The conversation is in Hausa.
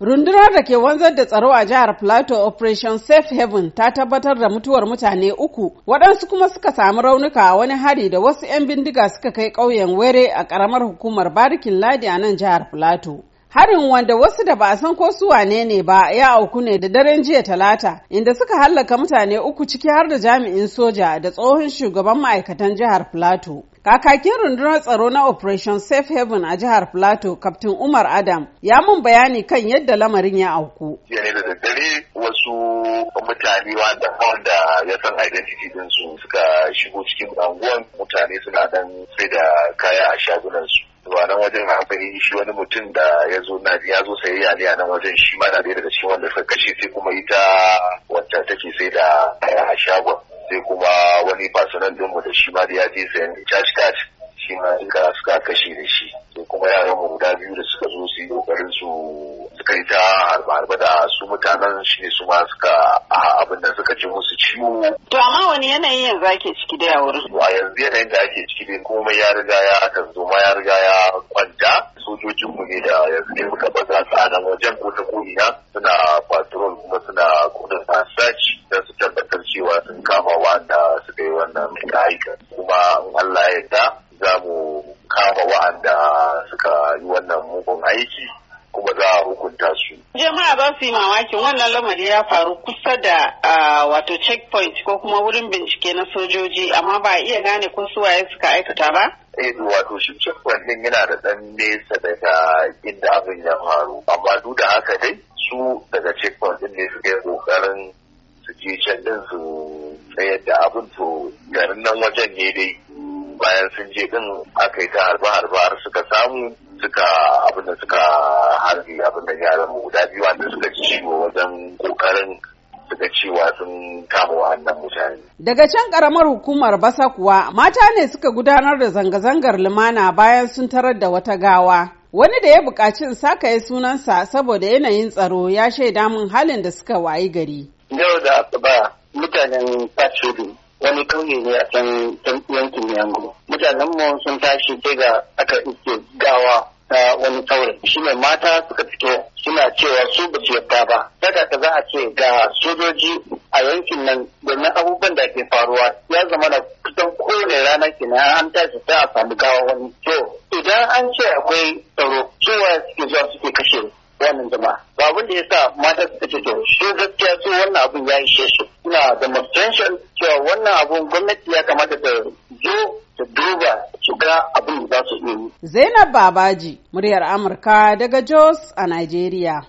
Rundunar da ke wanzar da tsaro a jihar Plateau Operation Safe Haven ta tabbatar da mutuwar mutane uku, waɗansu kuma suka samu raunuka a wani hari da wasu 'yan bindiga suka kai ƙauyen were a ƙaramar hukumar barikin ladi a nan jihar Plateau. Harin wanda wasu da ba a san ko su wane ne ba ya auku ne da daren jiya talata inda suka hallaka mutane uku ciki har da jami'in soja da tsohon shugaban ma'aikatan jihar Plateau. Kakakin rundunar tsaro na Operation Safe Haven a jihar Plateau, Kaftin Umar Adam, ya mun bayani kan yadda lamarin ya auku. wasu mutane wanda wanda ya san identity su suka shigo cikin anguwan mutane suna dan sai da kaya a shagunan zuwa nan wajen akwai shi wani mutum da ya zo na ya zo sayayya ne a nan wajen shi ma na daga cikin wanda suka kashe sai kuma ita wacce take sai da a shagon sai kuma wani personal ɗin mu da shi ma da ya je sayan da cash shi ma suka kashe da shi nan shi ne su ma suka abin da suka ji musu ciwo. To amma wani yanayin yanzu ake ciki da yawon? A yanzu yanayin da ake ciki ne komai ya riga ya ma ya riga ya kwanta sojojinmu ne da yanzu ne muka baza su a wajen ko ta ko'ina suna patrol kuma suna kudin search don su tabbatar cewa sun kama wanda suka yi wannan aika kuma in Allah ya yarda za mu kama wa'anda suka yi wannan mugun aiki kuma za a hukunta su. za su yi mamakin wannan lamari ya faru kusa da wato checkpoint ko kuma wurin bincike na sojoji amma ba a iya gane ko su waye suka aikata ba? Eh wato shi checkpoint din yana da ɗan nesa daga inda abin ya faru amma duk da haka dai su daga checkpoint din ne su ke kokarin su je can din su tsayar da abin to garin nan wajen ne dai bayan sun je din aka yi ta harba-harba suka samu suka abin da suka yaran abin da yaran mu guda biyu wanda suka ci ciwo wajen kokarin suka cewa sun kama wa'annan mutane. Daga can karamar hukumar basa kuwa mata ne suka gudanar da zanga-zangar lumana bayan sun tarar da wata gawa. Wani da ya buƙaci in sakaye sunansa saboda yanayin tsaro ya shaida min halin da suka wayi gari. Yau da asuba mutanen Fashidu wani kauye ne a can yankin Yango. Mutanen mu sun tashi daga aka iske ta wani taurin ne mata suka fito suna cewa su ba su yarda ba daga ka za a ce ga sojoji a yankin nan domin abubuwan da ke faruwa ya zama da kusan kowane rana na an tashi sai a samu gawa wani to idan an ce akwai tsaro cewa suke zuwa suke kashe wannan jama'a ba abin da ya sa mata suka ce to su gaskiya su wannan abun ya ishe su suna demonstration cewa wannan abun gwamnati ya kamata ta zo ta duba ga abin da za su yi. Zainab Babaji, muryar Amurka daga Jos a Najeriya.